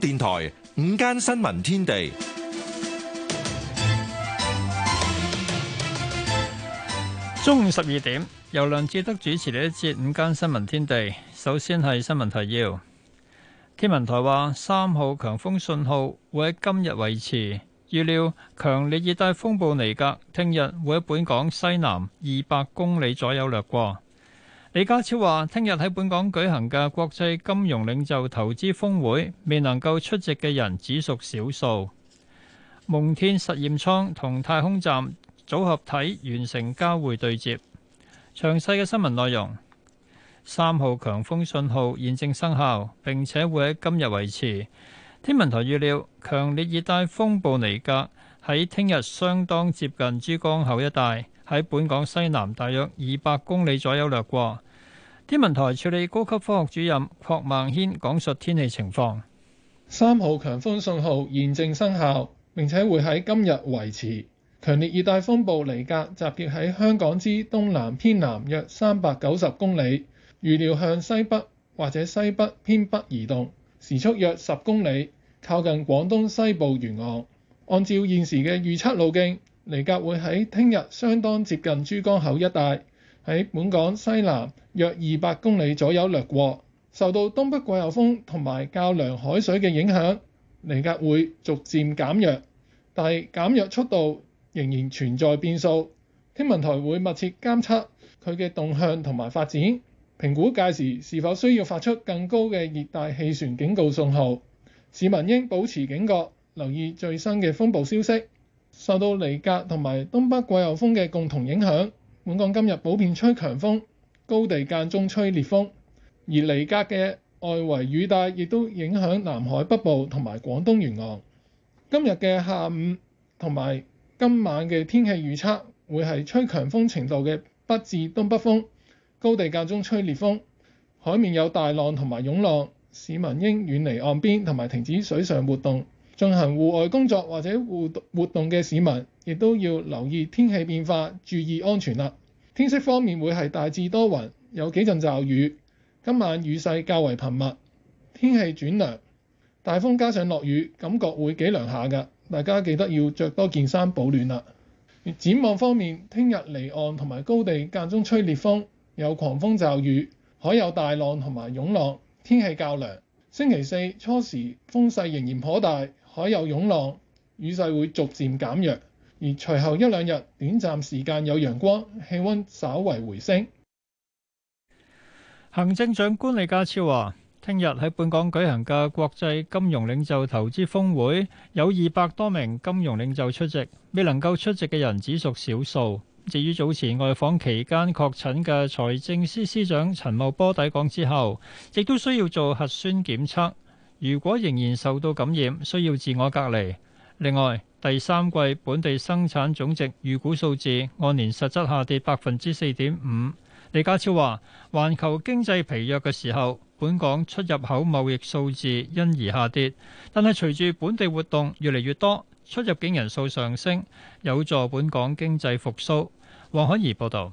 電台午間新聞天地，中午十二點由梁志德主持呢一節午間新聞天地。首先係新聞提要，天文台話三號強風信號會喺今日維持，預料強烈熱帶風暴尼格聽日會喺本港西南二百公里左右掠過。李家超話：聽日喺本港舉行嘅國際金融領袖投資峰會，未能夠出席嘅人只屬少數。夢天實驗艙同太空站組合體完成交會對接。詳細嘅新聞內容。三號強風信號現正生效，並且會喺今日維持。天文台預料，強烈熱帶風暴尼格喺聽日相當接近珠江口一帶，喺本港西南大約二百公里左右掠過。天文台助理高級科學主任郝孟軒講述天氣情況。三號強風信號現正生效，並且會喺今日維持。強烈熱帶風暴尼格集結喺香港之東南偏南約三百九十公里，預料向西北或者西北偏北移動，時速約十公里，靠近廣東西部沿岸。按照現時嘅預測路徑，尼格會喺聽日相當接近珠江口一帶。喺本港西南約二百公里左右掠過，受到東北季候風同埋較涼海水嘅影響，尼格會逐漸減弱，但係減弱速度仍然存在變數。天文台會密切監測佢嘅動向同埋發展，評估屆時是否需要發出更高嘅熱帶氣旋警告信號。市民應保持警覺，留意最新嘅風暴消息。受到尼格同埋東北季候風嘅共同影響。本港今日普遍吹強風，高地間中吹烈風，而尼格嘅外圍雨帶亦都影響南海北部同埋廣東沿岸。今日嘅下午同埋今晚嘅天氣預測會係吹強風程度嘅北至東北風，高地間中吹烈風，海面有大浪同埋湧浪，市民應遠離岸邊同埋停止水上活動。進行戶外工作或者活動嘅市民亦都要留意天氣變化，注意安全啦。天色方面會係大致多雲，有幾陣驟雨。今晚雨勢較為頻密，天氣轉涼，大風加上落雨，感覺會幾涼下㗎。大家記得要着多件衫保暖啦。展望方面，聽日離岸同埋高地間中吹烈風，有狂風驟雨，海有大浪同埋湧浪，天氣較涼。星期四初時風勢仍然頗大，海有湧浪，雨勢會逐漸減弱。而隨後一兩日，短暫時間有陽光，氣温稍為回升。行政長官李家超話，聽日喺本港舉行嘅國際金融領袖投資峰會，有二百多名金融領袖出席，未能夠出席嘅人只屬少數。至於早前外訪期間確診嘅財政司司長陳茂波抵港之後，亦都需要做核酸檢測，如果仍然受到感染，需要自我隔離。另外，第三季本地生產總值預估數字按年實質下跌百分之四點五。李家超話，環球經濟疲弱嘅時候，本港出入口貿易數字因而下跌。但係隨住本地活動越嚟越多，出入境人數上升，有助本港經濟復蘇，黃海怡報道。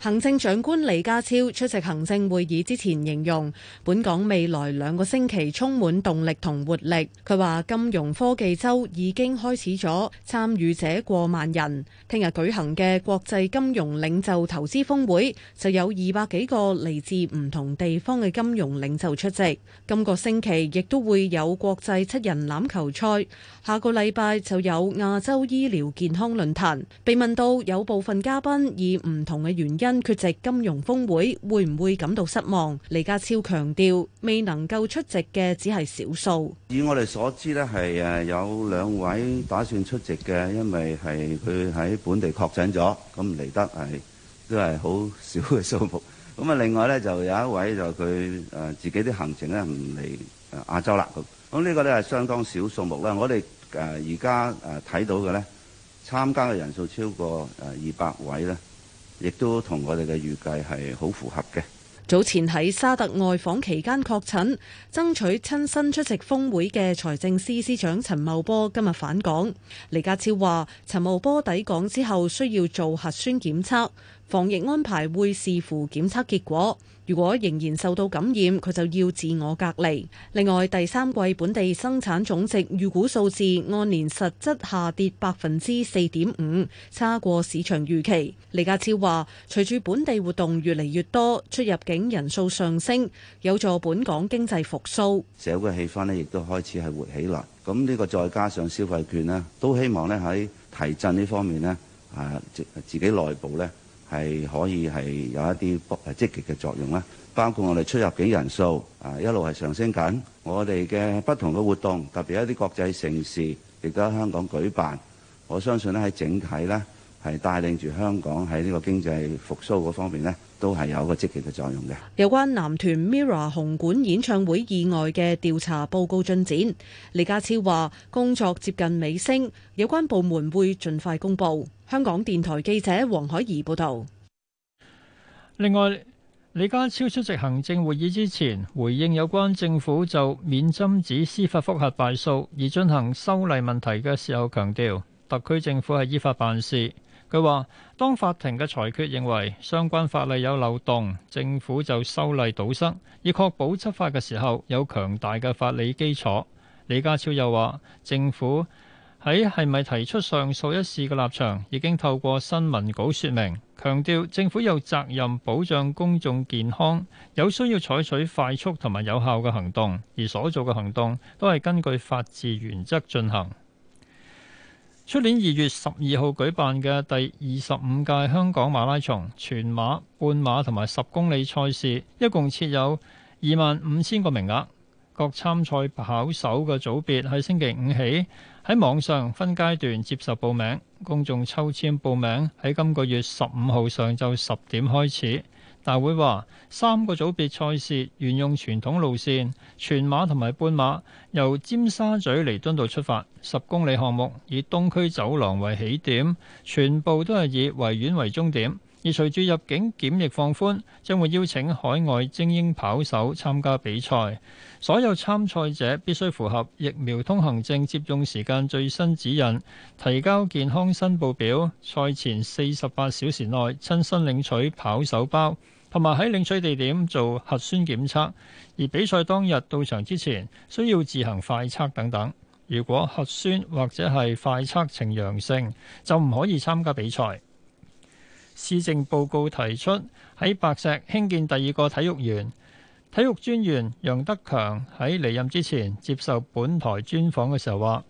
行政長官李家超出席行政會議之前形容，本港未來兩個星期充滿動力同活力。佢話金融科技周已經開始咗，參與者過萬人。聽日舉行嘅國際金融領袖投資峰會就有二百幾個嚟自唔同地方嘅金融領袖出席。今個星期亦都會有國際七人欖球賽，下個禮拜就有亞洲醫療健康論壇。被問到有部分嘉賓以唔同嘅原因，因缺席金融峰會，會唔會感到失望？李家超強調，未能夠出席嘅只係少數。以我哋所知咧，係誒有兩位打算出席嘅，因為係佢喺本地確診咗，咁嚟得係都係好少嘅數目。咁啊，另外咧就有一位就佢誒自己啲行程咧唔嚟誒亞洲啦。咁咁呢個咧係相當少數目啦。我哋誒而家誒睇到嘅咧，參加嘅人數超過誒二百位咧。亦都同我哋嘅預計係好符合嘅。早前喺沙特外訪期間確診，爭取親身出席峰會嘅財政司司長陳茂波今日返港。李家超話：陳茂波抵港之後需要做核酸檢測，防疫安排會視乎檢測結果。如果仍然受到感染，佢就要自我隔離。另外，第三季本地生產總值預估數字按年實質下跌百分之四點五，差過市場預期。李家超話，隨住本地活動越嚟越多，出入境人數上升，有助本港經濟復甦。社會氣氛呢，亦都開始係活起啦，咁呢個再加上消費券咧，都希望咧，喺提振呢方面咧，啊，自己內部咧。係可以係有一啲誒積極嘅作用啦，包括我哋出入境人數啊，一路係上升緊，我哋嘅不同嘅活動，特別一啲國際盛事亦都喺香港舉辦，我相信咧喺整體咧係帶領住香港喺呢個經濟復甦嗰方面咧。都係有一個積極嘅作用嘅。有關男團 MIRROR 紅館演唱會意外嘅調查報告進展，李家超話工作接近尾聲，有關部門會盡快公布。香港電台記者黃海怡報道。另外，李家超出席行政會議之前，回應有關政府就免針紙司法覆核敗訴而進行修例問題嘅時候，強調特區政府係依法辦事。佢話：當法庭嘅裁決認為相關法例有漏洞，政府就修例堵塞，以確保執法嘅時候有強大嘅法理基礎。李家超又話：政府喺係咪提出上訴一事嘅立場，已經透過新聞稿説明，強調政府有責任保障公眾健康，有需要採取快速同埋有效嘅行動，而所做嘅行動都係根據法治原則進行。出年二月十二號舉辦嘅第二十五屆香港馬拉松全馬、半馬同埋十公里賽事，一共設有二萬五千個名額。各參賽跑手嘅組別喺星期五起喺網上分階段接受報名，公眾抽籤報名喺今個月十五號上晝十點開始。大會話三個組別賽事沿用傳統路線，全馬同埋半馬由尖沙咀彌敦道出發，十公里項目以東區走廊為起點，全部都係以維園為終點。而隨住入境檢疫放寬，將會邀請海外精英跑手參加比賽。所有參賽者必須符合疫苗通行證接種時間最新指引，提交健康申報表，賽前四十八小時內親身領取跑手包。同埋喺領取地點做核酸檢測，而比賽當日到場之前需要自行快測等等。如果核酸或者係快測呈陽性，就唔可以參加比賽。市政報告提出喺白石興建第二個體育園。體育專員楊德強喺離任之前接受本台專訪嘅時候話，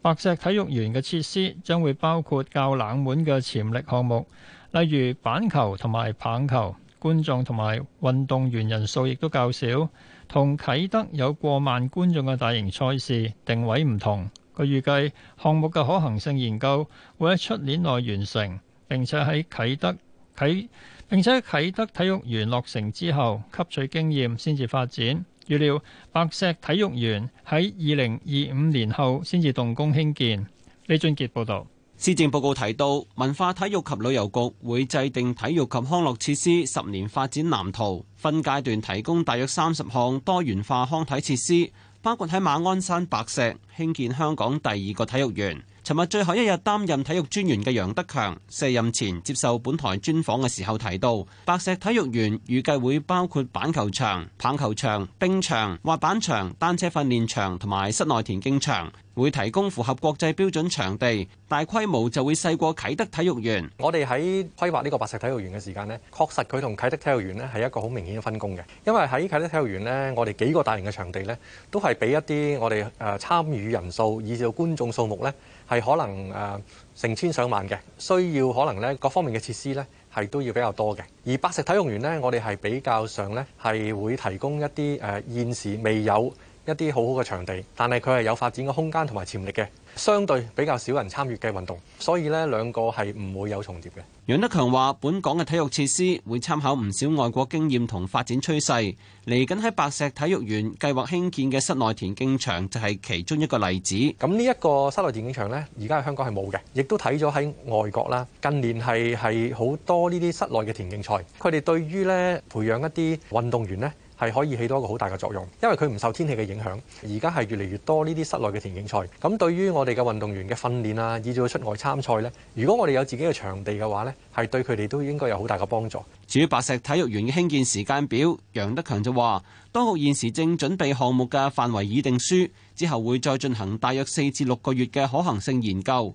白石體育園嘅設施將會包括較冷門嘅潛力項目，例如板球同埋棒球。觀眾同埋運動員人數亦都較少，同啟德有過萬觀眾嘅大型賽事定位唔同。佢預計項目嘅可行性研究會喺出年內完成，並且喺啟德啟並且喺啟德體育園落成之後吸取經驗先至發展。預料白石體育園喺二零二五年後先至動工興建。李俊傑報導。施政報告提到，文化體育及旅遊局會制定體育及康樂設施十年發展藍圖，分階段提供大約三十項多元化康體設施，包括喺馬鞍山白石興建香港第二個體育園。尋日最後一日擔任體育專員嘅楊德強卸任前接受本台專訪嘅時候提到，白石體育園預計會包括板球場、棒球場、冰場、滑板場、單車訓練場同埋室內田徑場，會提供符合國際標準場地，大規模就會細過啟德體育園。我哋喺規劃呢個白石體育園嘅時間咧，確實佢同啟德體育園咧係一個好明顯嘅分工嘅，因為喺啟德體育園咧，我哋幾個大型嘅場地咧都係俾一啲我哋誒參與人數以至到觀眾數目咧。係可能誒、呃、成千上萬嘅，需要可能咧各方面嘅設施咧係都要比較多嘅。而白石體育園咧，我哋係比較上咧係會提供一啲誒、呃、現時未有。一啲好好嘅場地，但係佢係有發展嘅空間同埋潛力嘅，相對比較少人參與嘅運動，所以呢兩個係唔會有重疊嘅。楊德強話：本港嘅體育設施會參考唔少外國經驗同發展趨勢，嚟緊喺白石體育園計劃興建嘅室內田徑場就係其中一個例子。咁呢一個室內田徑場呢，而家喺香港係冇嘅，亦都睇咗喺外國啦。近年係係好多呢啲室內嘅田徑賽，佢哋對於呢培養一啲運動員呢。係可以起到一個好大嘅作用，因為佢唔受天氣嘅影響。而家係越嚟越多呢啲室內嘅田徑賽，咁對於我哋嘅運動員嘅訓練啊，以至到出外參賽呢，如果我哋有自己嘅場地嘅話呢，係對佢哋都應該有好大嘅幫助。至於白石體育園嘅興建時間表，楊德強就話：當局現時正準備項目嘅範圍已定書，之後會再進行大約四至六個月嘅可行性研究。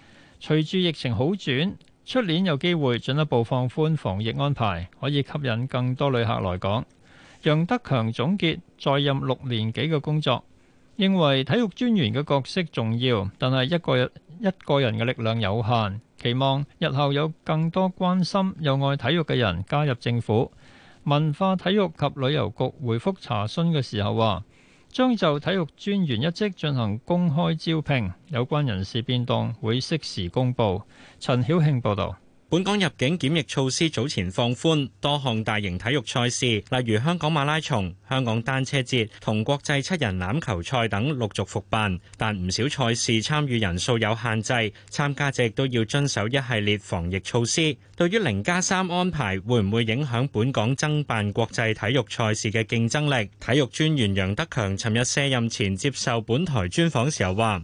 隨住疫情好轉，出年有機會進一步放寬防疫安排，可以吸引更多旅客來港。楊德強總結在任六年幾嘅工作，認為體育專員嘅角色重要，但係一個人一個人嘅力量有限，期望日後有更多關心又愛體育嘅人加入政府。文化體育及旅遊局回覆查詢嘅時候話，將就體育專員一職進行公開招聘，有關人事變動會適時公佈。陳曉慶報導。本港入境檢疫措施早前放寬，多項大型體育賽事，例如香港馬拉松、香港單車節同國際七人欖球賽等陸續復辦，但唔少賽事參與人數有限制，參加者亦都要遵守一系列防疫措施。對於零加三安排會唔會影響本港爭辦國際體育賽事嘅競爭力，體育專員楊德強尋日卸任前接受本台專訪時候話。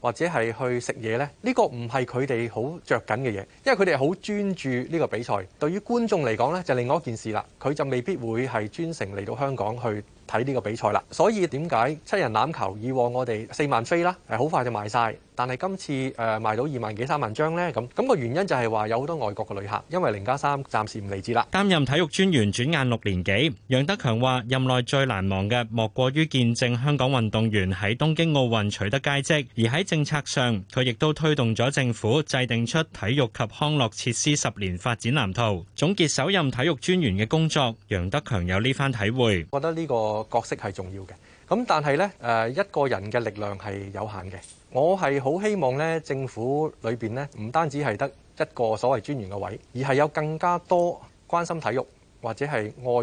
或者係去食嘢呢，呢個唔係佢哋好着緊嘅嘢，因為佢哋好專注呢個比賽。對於觀眾嚟講呢，就另外一件事啦，佢就未必會係專程嚟到香港去睇呢個比賽啦，所以點解七人欖球以往我哋四萬飛啦，係好快就賣晒，但係今次誒賣到二萬幾三萬張咧，咁咁個原因就係話有好多外國嘅旅客，因為零加三暫時唔嚟住啦。擔任體育專員轉眼六年幾，楊德強話任內最難忘嘅莫過於見證香港運動員喺東京奧運取得佳績，而喺政策上，佢亦都推動咗政府制定出體育及康樂設施十年發展藍圖。總結首任體育專員嘅工作，楊德強有呢番體會，覺得呢個個角色係重要嘅，咁但係呢，誒，一個人嘅力量係有限嘅。我係好希望呢政府裏邊呢，唔單止係得一個所謂專員嘅位，而係有更加多關心體育或者係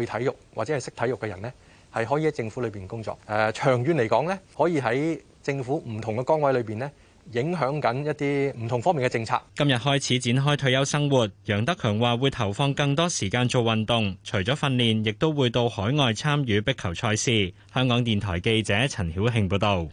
愛體育或者係識體育嘅人呢，係可以喺政府裏邊工作。誒，呃，長遠嚟講呢，可以喺政府唔同嘅崗位裏邊呢。影響緊一啲唔同方面嘅政策。今日開始展開退休生活，楊德強話會投放更多時間做運動，除咗訓練，亦都會到海外參與壁球賽事。香港電台記者陳曉慶報導。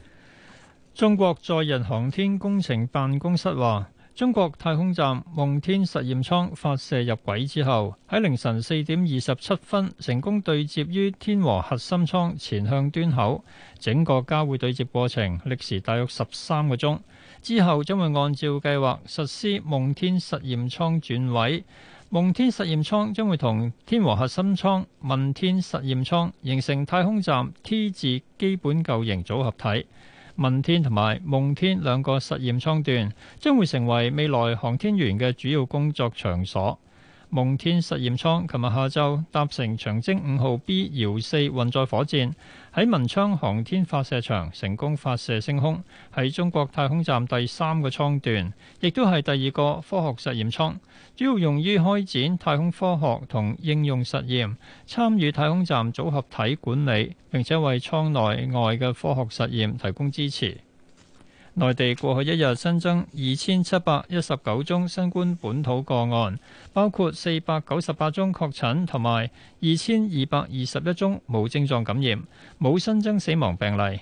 中國載人航天工程辦公室話：中國太空站夢天實驗艙發射入軌之後，喺凌晨四點二十七分成功對接於天和核心艙前向端口，整個交會對接過程歷時大約十三個鐘。之後將會按照計劃實施夢天實驗艙轉位，夢天實驗艙將會同天和核心艙、問天實驗艙形成太空站 T 字基本構型組合體。問天同埋夢天兩個實驗艙段將會成為未來航天員嘅主要工作場所。夢天實驗艙，琴日下晝搭乘長征五號 B 遙四運載火箭係文昌航天發射場成功發射升空，係中國太空站第三個艙段，亦都係第二個科學實驗艙，主要用於開展太空科學同應用實驗，參與太空站組合體管理，並且為艙內外嘅科學實驗提供支持。內地過去一日新增二千七百一十九宗新冠本土個案，包括四百九十八宗確診同埋二千二百二十一宗無症狀感染，冇新增死亡病例。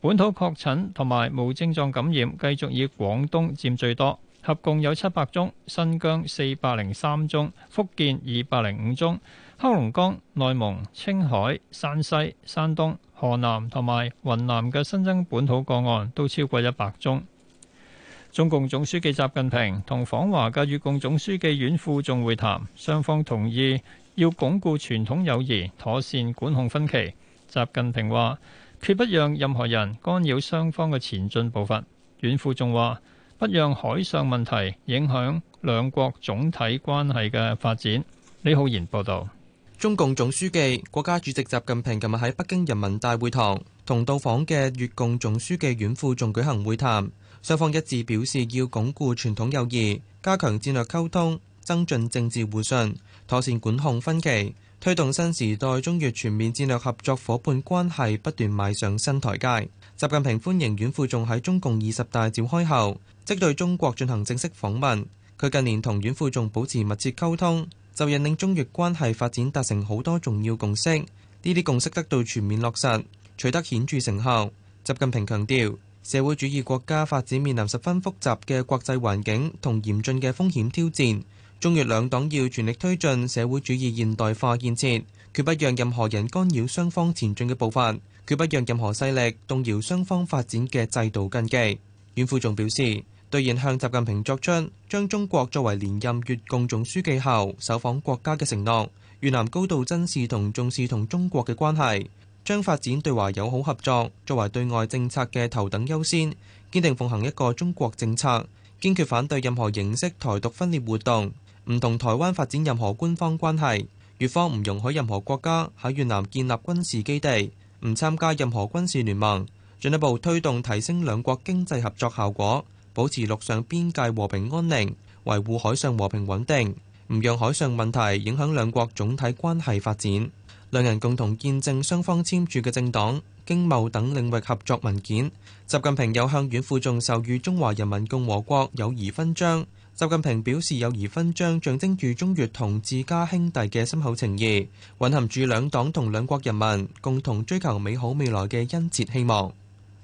本土確診同埋無症狀感染繼續以廣東佔最多，合共有七百宗，新疆四百零三宗，福建二百零五宗，黑龍江、內蒙、青海、山西、山東。河南同埋雲南嘅新增本土個案都超過一百宗。中共總書記習近平同訪華嘅越共總書記阮富仲會談，雙方同意要鞏固傳統友誼，妥善管控分歧。習近平話，決不讓任何人干擾雙方嘅前進步伐。阮富仲話，不讓海上問題影響兩國總體關係嘅發展。李浩然報道。中共總書記、國家主席習近平琴日喺北京人民大會堂同到訪嘅越共總書記阮富仲舉行會談，雙方一致表示要鞏固傳統友誼，加強戰略溝通，增進政治互信，妥善管控分歧，推動新時代中越全面戰略合作伙伴關係不斷邁上新台階。習近平歡迎阮富仲喺中共二十大召開後即對中國進行正式訪問，佢近年同阮富仲保持密切溝通。就引領中越關係發展達成好多重要共識，呢啲共識得到全面落實，取得顯著成效。習近平強調，社會主義國家發展面臨十分複雜嘅國際環境同嚴峻嘅風險挑戰，中越兩黨要全力推進社會主義現代化建設，決不讓任何人干擾雙方前進嘅步伐，決不讓任何勢力動搖雙方發展嘅制度根基。阮富仲表示。兌現向習近平作出將中國作為連任越共總書記後首訪國家嘅承諾，越南高度珍視同重視同中國嘅關係，將發展對華友好合作作為對外政策嘅頭等優先，堅定奉行一個中國政策，堅決反對任何形式台獨分裂活動，唔同台灣發展任何官方關係。越方唔容許任何國家喺越南建立軍事基地，唔參加任何軍事聯盟，進一步推動提升兩國經濟合作效果。保持陸上邊界和平安寧，維護海上和平穩定，唔讓海上問題影響兩國總體關係發展。兩人共同見證雙方簽署嘅政黨經貿等領域合作文件。習近平有向阮富仲授予中華人民共和國友誼勳章。習近平表示，友誼勳章象徵住中越同志加兄弟嘅深厚情誼，蘊含住兩黨同兩國人民共同追求美好未來嘅殷切希望。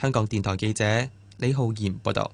香港電台記者李浩然報道。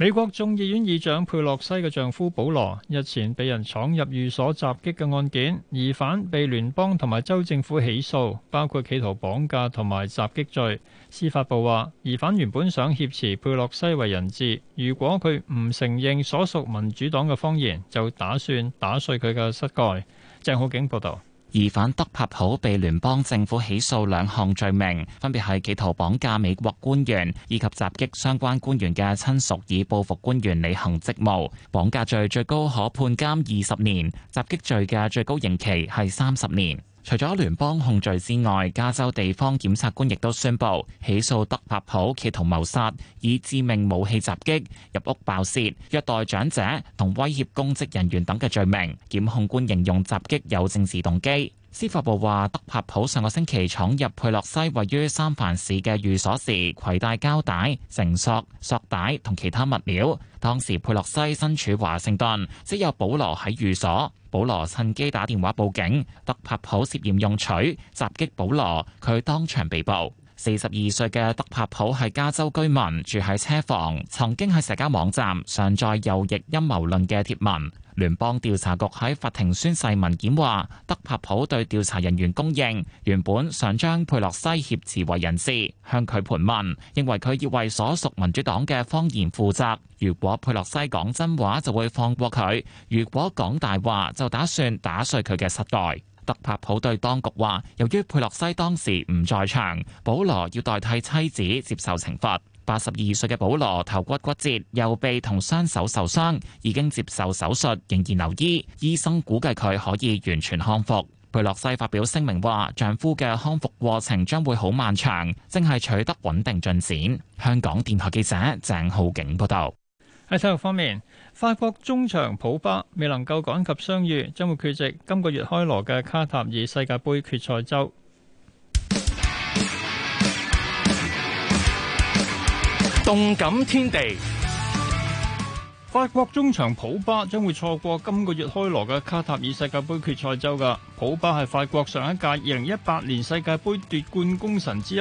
美國眾議院議長佩洛西嘅丈夫保羅日前被人闖入寓所襲擊嘅案件，疑犯被聯邦同埋州政府起訴，包括企圖綁架同埋襲擊罪。司法部話，疑犯原本想挾持佩洛西為人質，如果佢唔承認所屬民主黨嘅謊言，就打算打碎佢嘅膝蓋。鄭浩景報道。疑犯德帕普被聯邦政府起訴兩項罪名，分別係企圖綁架美國官員以及襲擊相關官員嘅親屬，以報復官員履行職務。綁架罪最高可判監二十年，襲擊罪嘅最高刑期係三十年。除咗聯邦控罪之外，加州地方檢察官亦都宣佈起訴德帕普，企圖謀殺、以致命武器襲擊、入屋爆竊、虐待長者同威脅公職人員等嘅罪名。檢控官形容襲擊有政治動機。司法部話，德帕普上個星期闖入佩洛西位於三藩市嘅寓所時，携帶膠帶、繩索、索帶同其他物料。當時佩洛西身處華盛頓，只有保羅喺寓所。保羅趁機打電話報警。德帕普涉嫌用鎚襲擊保羅，佢當場被捕。四十二歲嘅德帕普係加州居民，住喺車房，曾經喺社交網站上載右翼陰謀論嘅貼文。聯邦調查局喺法庭宣誓文件話，德帕普對調查人員供認，原本想將佩洛西挾持為人質，向佢盤問，認為佢要為所屬民主黨嘅謊言負責。如果佩洛西講真話，就會放過佢；如果講大話，就打算打碎佢嘅膝蓋。德帕普對當局話，由於佩洛西當時唔在場，保羅要代替妻子接受懲罰。八十二歲嘅保羅頭骨骨折，右臂同雙手受傷，已經接受手術，仍然留醫。醫生估計佢可以完全康復。佩洛西發表聲明話：丈夫嘅康復過程將會好漫長，正係取得穩定進展。香港電台記者鄭浩景報道。喺體育方面，法國中場普巴未能夠趕及傷愈，將會缺席今個月開鑼嘅卡塔爾世界杯決賽周。動感天地，法國中場普巴將會錯過今個月開鑼嘅卡塔爾世界盃決賽周噶。普巴係法國上一屆二零一八年世界盃奪冠功臣之一。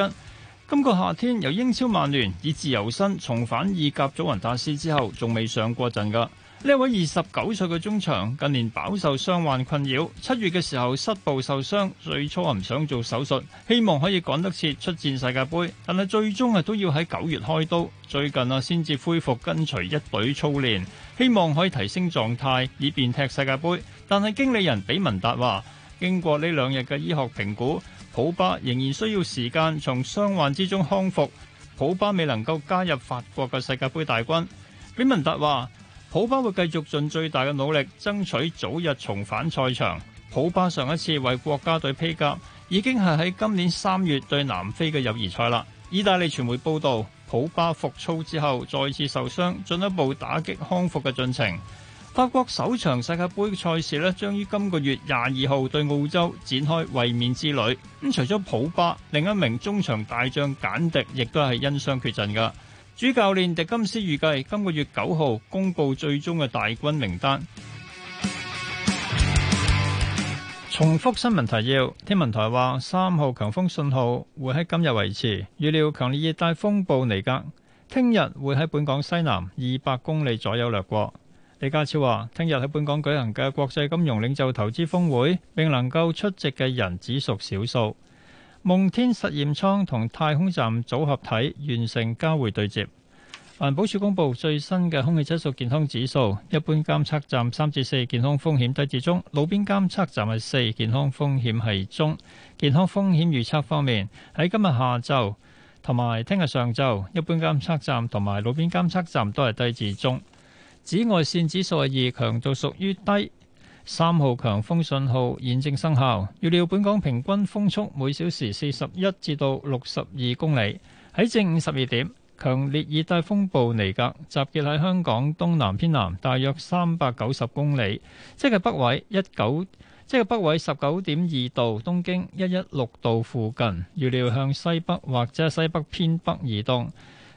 今個夏天由英超曼聯以自由身重返意甲祖雲達斯之後，仲未上過陣噶。呢位二十九歲嘅中場近年飽受傷患困擾，七月嘅時候膝部受傷，最初唔想做手術，希望可以趕得切出戰世界杯，但係最終啊都要喺九月開刀，最近啊先至恢復跟隨一隊操練，希望可以提升狀態以便踢世界杯，但係經理人比文達話，經過呢兩日嘅醫學評估，普巴仍然需要時間從傷患之中康復，普巴未能夠加入法國嘅世界杯大軍。比文達話。普巴會繼續盡最大嘅努力，爭取早日重返賽場。普巴上一次為國家隊披甲，已經係喺今年三月對南非嘅友誼賽啦。意大利傳媒報道，普巴復操之後再次受傷，進一步打擊康復嘅進程。法國首場世界盃賽事呢，將於今個月廿二號對澳洲展開衛冕之旅。咁、嗯、除咗普巴，另一名中場大將簡迪亦都係因傷缺陣㗎。主教練迪金斯預計今個月九號公布最終嘅大軍名單。重複新聞提要：天文台話三號強風信號會喺今日維持，預料強烈熱帶風暴尼格聽日會喺本港西南二百公里左右掠過。李家超話聽日喺本港舉行嘅國際金融領袖投資峰會，並能夠出席嘅人只屬少數。夢天實驗艙同太空站組合體完成交會對接。環保署公布最新嘅空氣質素健康指數，一般監測站三至四健康風險低至中，路邊監測站係四健康風險係中。健康風險預測方面，喺今日下晝同埋聽日上晝，一般監測站同埋路邊監測站都係低至中。紫外線指數係二，強度屬於低。三號強風信號現正生效，預料本港平均風速每小時四十一至到六十二公里。喺正午十二點，強烈熱帶風暴尼格集結喺香港東南偏南大約三百九十公里，即係北緯一九，即係北緯十九點二度，東經一一六度附近。預料向西北或者西北偏北移動。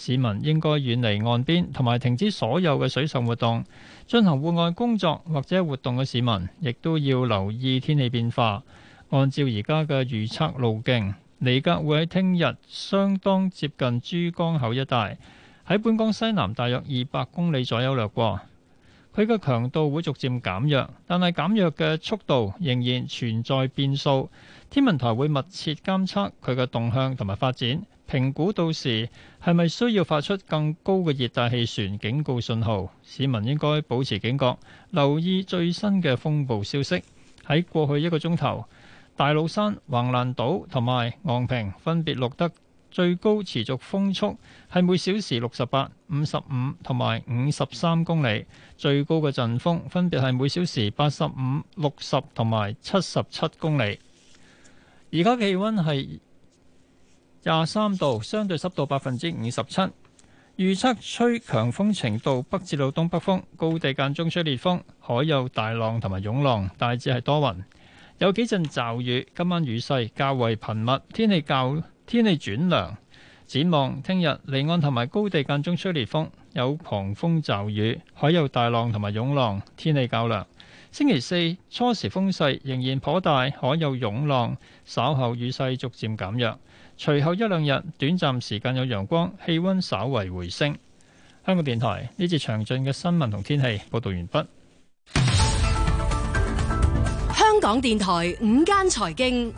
市民應該遠離岸邊，同埋停止所有嘅水上活動。進行戶外工作或者活動嘅市民，亦都要留意天氣變化。按照而家嘅預測路徑，尼格會喺聽日相當接近珠江口一帶，喺本港西南大約二百公里左右掠過。佢嘅強度會逐漸減弱，但係減弱嘅速度仍然存在變數。天文台會密切監測佢嘅動向同埋發展。評估到時係咪需要發出更高嘅熱帶氣旋警告信號？市民應該保持警覺，留意最新嘅風暴消息。喺過去一個鐘頭，大老山、橫瀾島同埋昂坪分別錄得最高持續風速係每小時六十八、五十五同埋五十三公里，最高嘅陣風分別係每小時八十五、六十同埋七十七公里。而家氣温係廿三度，相對濕度百分之五十七。預測吹強風程度北至到東北風，高地間中吹烈風，海有大浪同埋湧浪。大致係多雲，有幾陣驟雨。今晚雨勢較為頻密，天氣較天氣轉涼。展望聽日離岸同埋高地間中吹烈風，有狂風驟雨，海有大浪同埋湧浪，天氣較涼。星期四初時風勢仍然頗大，海有湧浪，稍後雨勢逐漸減弱。隨後一兩日，短暫時間有陽光，氣溫稍為回升。香港電台呢節詳盡嘅新聞同天氣報道完畢。香港電台午間財經。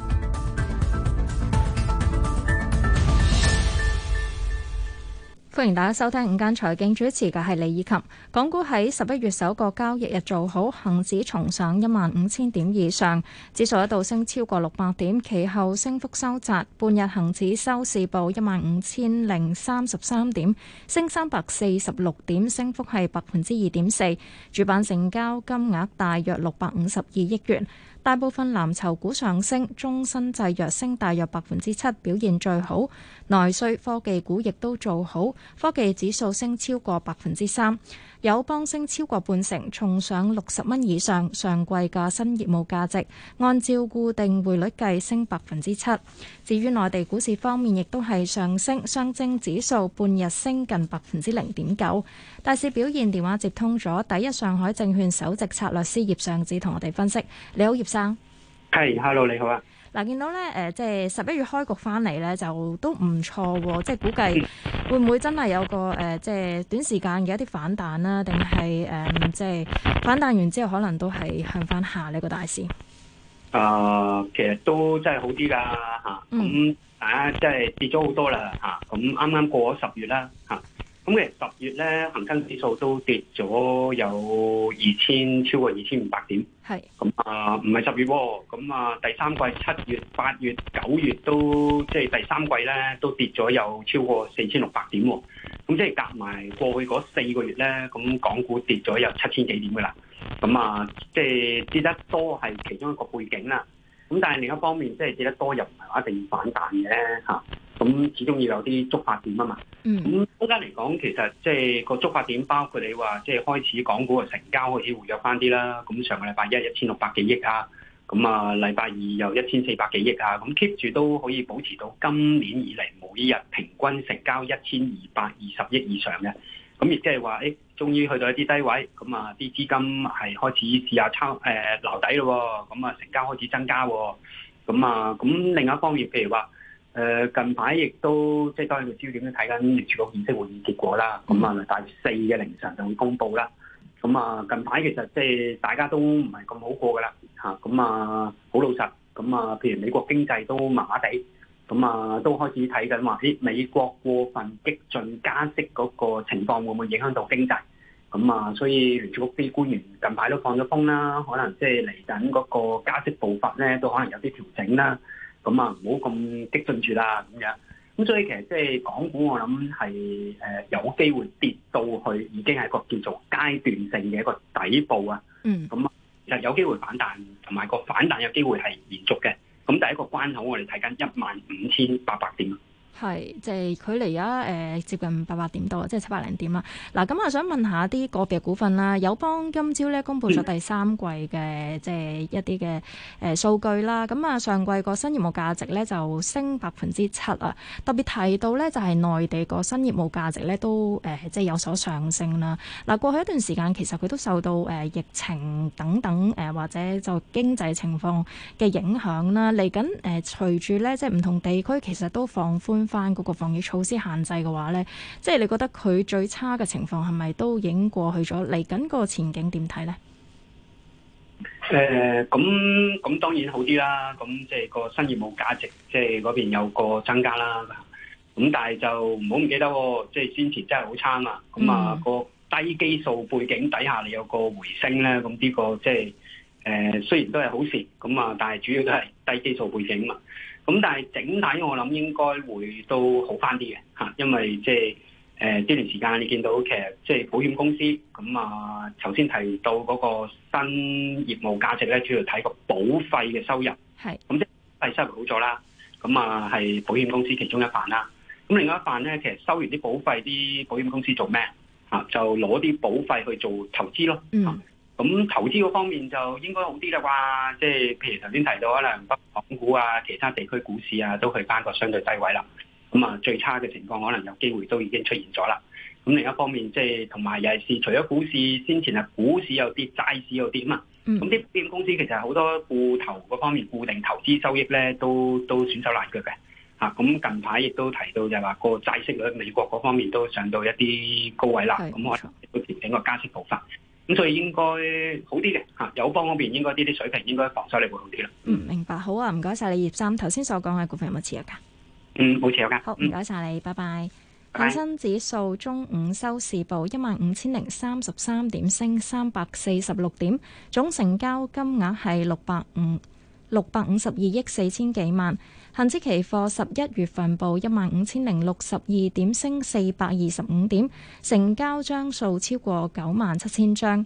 歡迎大家收聽午間財經，主持嘅係李以琴。港股喺十一月首個交易日做好，恒指重上一萬五千點以上，指數一度升超過六百點，其後升幅收窄，半日恒指收市報一萬五千零三十三點，升三百四十六點，升幅係百分之二點四。主板成交金額大約六百五十二億元，大部分藍籌股上升，中生製藥升大約百分之七，表現最好。內需科技股亦都做好，科技指數升超過百分之三，友邦升超過半成，重上六十蚊以上，上季嘅新業務價值按照固定匯率計升百分之七。至於內地股市方面，亦都係上升，上證指數半日升近百分之零點九。大市表現，電話接通咗第一上海證券首席策略師葉尚志同我哋分析。你好，葉生。係，hey，hello，你好啊。嗱、啊，見到咧，誒、呃，即係十一月開局翻嚟咧，就都唔錯喎、啊，即係估計會唔會真係有個誒、呃，即係短時間嘅一啲反彈啦、啊，定係誒，即係反彈完之後可能都係向翻下呢個大市。啊、呃，其實都真係好啲噶嚇，咁大家即係跌咗好多啦嚇，咁啱啱過咗十月啦嚇。啊咁其實十月咧，恒生指數都跌咗有二千，超過二千五百點。係咁是啊，唔係十月，咁啊第三季七月、八月、九月都即係、就是、第三季咧，都跌咗有超過四千六百點。咁即係夾埋過去嗰四個月咧，咁港股跌咗有七千幾點噶啦。咁啊，即係跌得多係其中一個背景啦。咁但係另一方面，即係跌得多又唔係話一定要反彈嘅嚇。咁、啊、始終要有啲觸發點啊嘛。咁而家嚟講，其實即係個觸發點，就是、發點包括你話即係開始港股嘅成交開始回躍翻啲啦。咁上個禮拜一一千六百幾億啊，咁啊禮拜二又一千四百幾億啊。咁 keep 住都可以保持到今年以嚟每日平均成交一千二百二十億以上嘅。咁亦即係話誒。欸終於去到一啲低位，咁啊啲資金係開始試下抄誒留底咯，咁啊成交開始增加，咁啊咁另一方面，譬如話誒近排亦都即係當然個焦點都睇緊聯儲局議息會議結果啦，咁啊大四嘅凌晨就會公布啦。咁啊近排其實即係大家都唔係咁好過噶啦，嚇。咁啊好老實，咁啊譬如美國經濟都麻麻地，咁啊都開始睇緊話啲美國過分激進加息嗰個情況會唔會影響到經濟？咁啊，嗯、所以聯儲局嘅官員近排都放咗風啦，可能即係嚟緊嗰個加息步伐咧，都可能有啲調整啦。咁啊，唔好咁激進住啦，咁樣。咁所以其實即係港股，我諗係誒有機會跌到去，已經係個叫做階段性嘅一個底部啊。嗯。咁啊，其實有機會反彈，同埋個反彈有機會係延續嘅。咁第一個關口我 15,，我哋睇緊一萬五千八百點。係，即係距離而家、呃、接近八百點多，即係七百零點啦。嗱、啊，咁啊想問下啲個別股份啦、啊，友邦今朝咧公佈咗第三季嘅即係一啲嘅誒數據啦。咁啊上季個新業務價值咧就升百分之七啊，特別提到咧就係、是、內地個新業務價值咧都誒、呃、即係有所上升啦。嗱、啊，過去一段時間其實佢都受到誒、呃、疫情等等誒、呃、或者就經濟情況嘅影響啦。嚟緊誒隨住咧即係唔同地區其實都放寬翻嗰個防疫措施限制嘅話咧，即係你覺得佢最差嘅情況係咪都已經過去咗？嚟緊個前景點睇咧？誒、呃，咁咁當然好啲啦。咁即係個新業務價值，即係嗰邊有個增加啦。咁但係就唔好唔記得喎。即係先前真係好差嘛。咁啊，嗯、個低基數背景底下你有個回升咧。咁呢個即係誒，雖然都係好事。咁啊，但係主要都係低基數背景嘛。咁但係整體我諗應該會都好翻啲嘅嚇，因為即係誒呢段時間你見到其實即係保險公司咁啊，頭先提到嗰個新業務價值咧，主要睇個保費嘅收入係，咁即係收入好咗啦。咁啊係保險公司其中一範啦。咁另外一範咧，其實收完啲保費，啲保險公司做咩啊？就攞啲保費去做投資咯。嗯。咁投資嗰方面就應該好啲啦啩，即係譬如頭先提到可能北港股啊、其他地區股市啊，都去翻個相對低位啦。咁啊，最差嘅情況可能有機會都已經出現咗啦。咁另一方面，即係同埋又係是，是除咗股市先前係股市有跌，債市有跌啊嘛。咁啲保險公司其實好多固投嗰方面固定投資收益咧，都都損手爛腳嘅。嚇！咁近排亦都提到就係話個債息率美國嗰方面都上到一啲高位啦。咁可能都調整個加息步伐。咁所以應該好啲嘅嚇，友邦嗰邊應該呢啲水平應該防守力會好啲啦。嗯，明白。好啊，唔該曬你，葉生頭先所講嘅股份有冇持有㗎？嗯，冇持有㗎。好，唔該曬你，拜拜。恆生指數中午收市報一萬五千零三十三點，升三百四十六點，總成交金額係六百五六百五十二億四千幾萬。恒指期貨十一月份報一萬五千零六十二點，升四百二十五點，成交張數超過九萬七千張。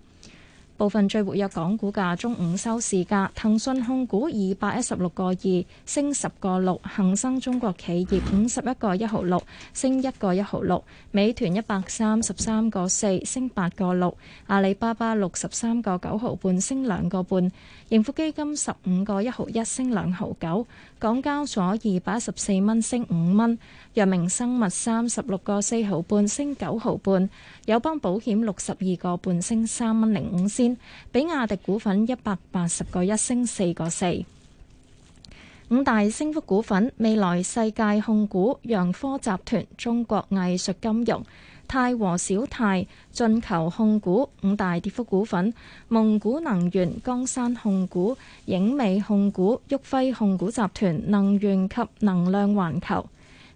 部分最活躍港股價中午收市價，騰訊控股二百一十六個二，升十個六；恒生中國企業五十一個一毫六，升一個一毫六；美團一百三十三個四，升八個六；阿里巴巴六十三個九毫半，升兩個半；盈富基金十五個一毫一，升兩毫九；港交所二百一十四蚊，升五蚊；藥明生物三十六個四毫半，升九毫半；友邦保險六十二個半，升三蚊零五仙。比亞迪股份一百八十個，一升四個四，五大升幅股份：未來世界控股、揚科集團、中國藝術金融、泰和小泰、進球控股。五大跌幅股份：蒙古能源、江山控股、影美控股、旭輝控股集團、能源及能量環球。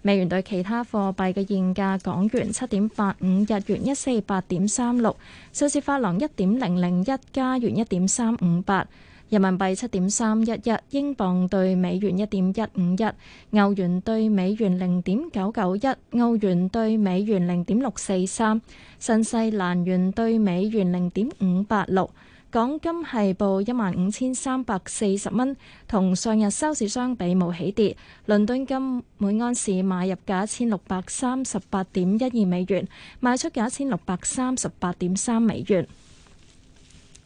美元兌其他貨幣嘅現價：港元七點八五，日元一四八點三六，瑞士法郎一點零零一，加元一點三五八，人民幣七點三一一，英鎊對美元一點一五一，歐元對美元零點九九一，澳元對美元零點六四三，新西蘭元對美元零點五八六。港金係報一萬五千三百四十蚊，同上日收市相比冇起跌。倫敦金每安士買入價一千六百三十八點一二美元，賣出價一千六百三十八點三美元。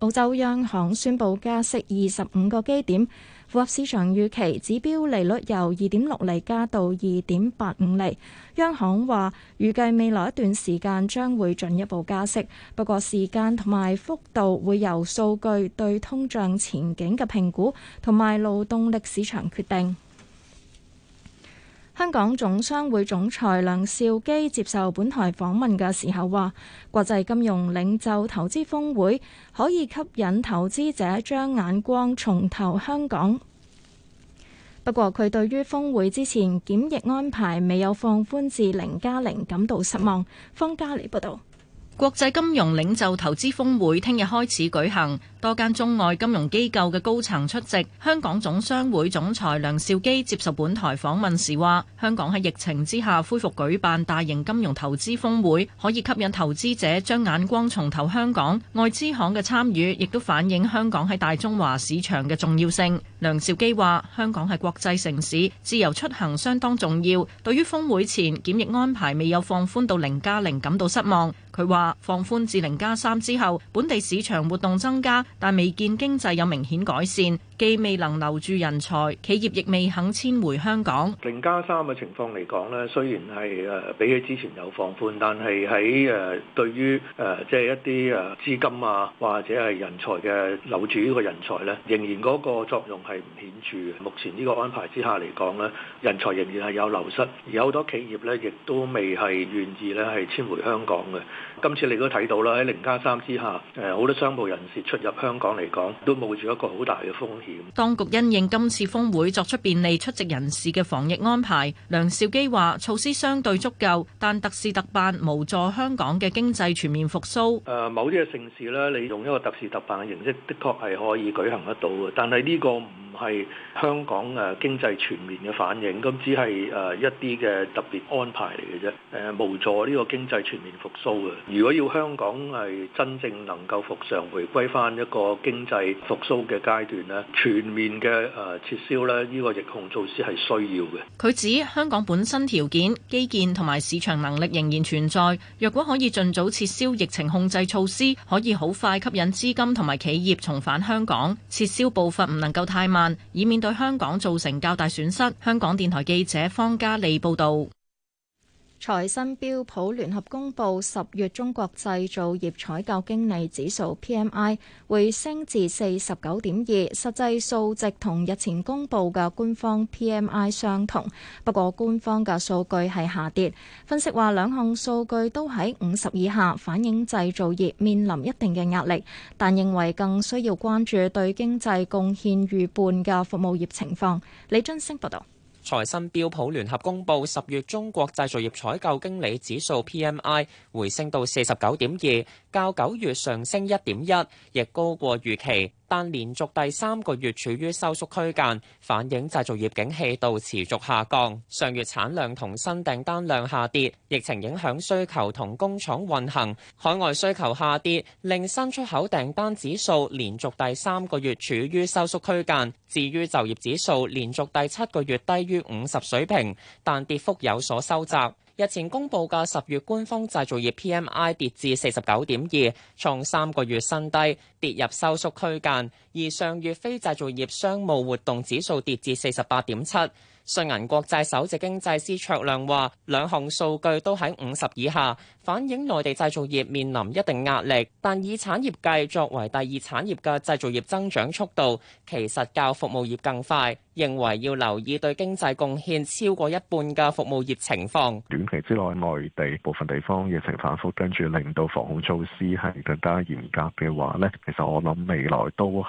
澳洲央行宣布加息二十五個基點。符合市場預期，指標利率由二點六釐加到二點八五釐。央行話預計未來一段時間將會進一步加息，不過時間同埋幅度會由數據對通脹前景嘅評估同埋勞動力市場決定。香港總商會總裁梁兆基接受本台訪問嘅時候話，國際金融領袖投資峰會可以吸引投資者將眼光重投香港。不過佢對於峰會之前檢疫安排未有放寬至零加零感到失望。方嘉莉報道。國際金融領袖投資峰會聽日開始舉行，多間中外金融機構嘅高層出席。香港總商會總裁梁兆基接受本台訪問時話，香港喺疫情之下恢復舉辦大型金融投資峰會，可以吸引投資者將眼光重投香港。外資行嘅參與，亦都反映香港喺大中華市場嘅重要性。梁兆基話，香港係國際城市，自由出行相當重要。對於峰會前檢疫安排未有放寬到零加零，感到失望。佢話，放寬至零加三之後，本地市場活動增加，但未見經濟有明顯改善。既未能留住人才，企業亦未肯遷回香港。零加三嘅情況嚟講咧，雖然係誒比起之前有放寬，但係喺誒對於誒即係一啲誒資金啊，或者係人才嘅留住呢個人才咧，仍然嗰個作用係唔顯著嘅。目前呢個安排之下嚟講咧，人才仍然係有流失，而好多企業咧亦都未係願意咧係遷回香港嘅。今次你都睇到啦，喺零加三之下，誒好多商務人士出入香港嚟講，都冒住一個好大嘅風險。當局因應今次峯會作出便利出席人士嘅防疫安排，梁兆基話措施相對足夠，但特事特辦無助香港嘅經濟全面復甦。誒，某啲嘅城市咧，你用一個特事特辦嘅形式，的確係可以舉行得到嘅，但係呢個唔，唔係香港誒經濟全面嘅反應，咁只係誒一啲嘅特別安排嚟嘅啫。誒無助呢個經濟全面復甦嘅。如果要香港係真正能夠復常，回歸翻一個經濟復甦嘅階段咧，全面嘅誒撤銷咧呢個疫控措施係需要嘅。佢指香港本身條件、基建同埋市場能力仍然存在。若果可以盡早撤銷疫情控制措施，可以好快吸引資金同埋企業重返香港。撤銷步伐唔能夠太慢。以免對香港造成較大損失。香港電台記者方家利報道。財新標普聯合公佈十月中國製造業採購經理指數 PMI 回升至四十九點二，實際數值同日前公佈嘅官方 PMI 相同，不過官方嘅數據係下跌。分析話兩項數據都喺五十以下，反映製造業面臨一定嘅壓力，但認為更需要關注對經濟貢獻逾半嘅服務業情況。李津升報道。財新標普聯合公布十月中國製造業採購經理指數 PMI 回升到49.2，較九月上升1.1，亦高過預期。但連續第三個月處於收縮區間，反映製造業景氣度持續下降。上月產量同新訂單量下跌，疫情影響需求同工廠運行，海外需求下跌，令新出口訂單指數連續第三個月處於收縮區間。至於就業指數連續第七個月低於五十水平，但跌幅有所收窄。日前公布嘅十月官方製造業 PMI 跌至四十九點二，創三個月新低，跌入收縮區間，而上月非製造業商務活動指數跌至四十八點七。信銀國際首席經濟師卓亮話：兩項數據都喺五十以下，反映內地製造業面臨一定壓力。但以產業計作為第二產業嘅製造業增長速度，其實較服務業更快。認為要留意對經濟貢獻超過一半嘅服務業情況。短期之內，內地部分地方疫情反覆，跟住令到防控措施係更加嚴格嘅話呢，其實我諗未來都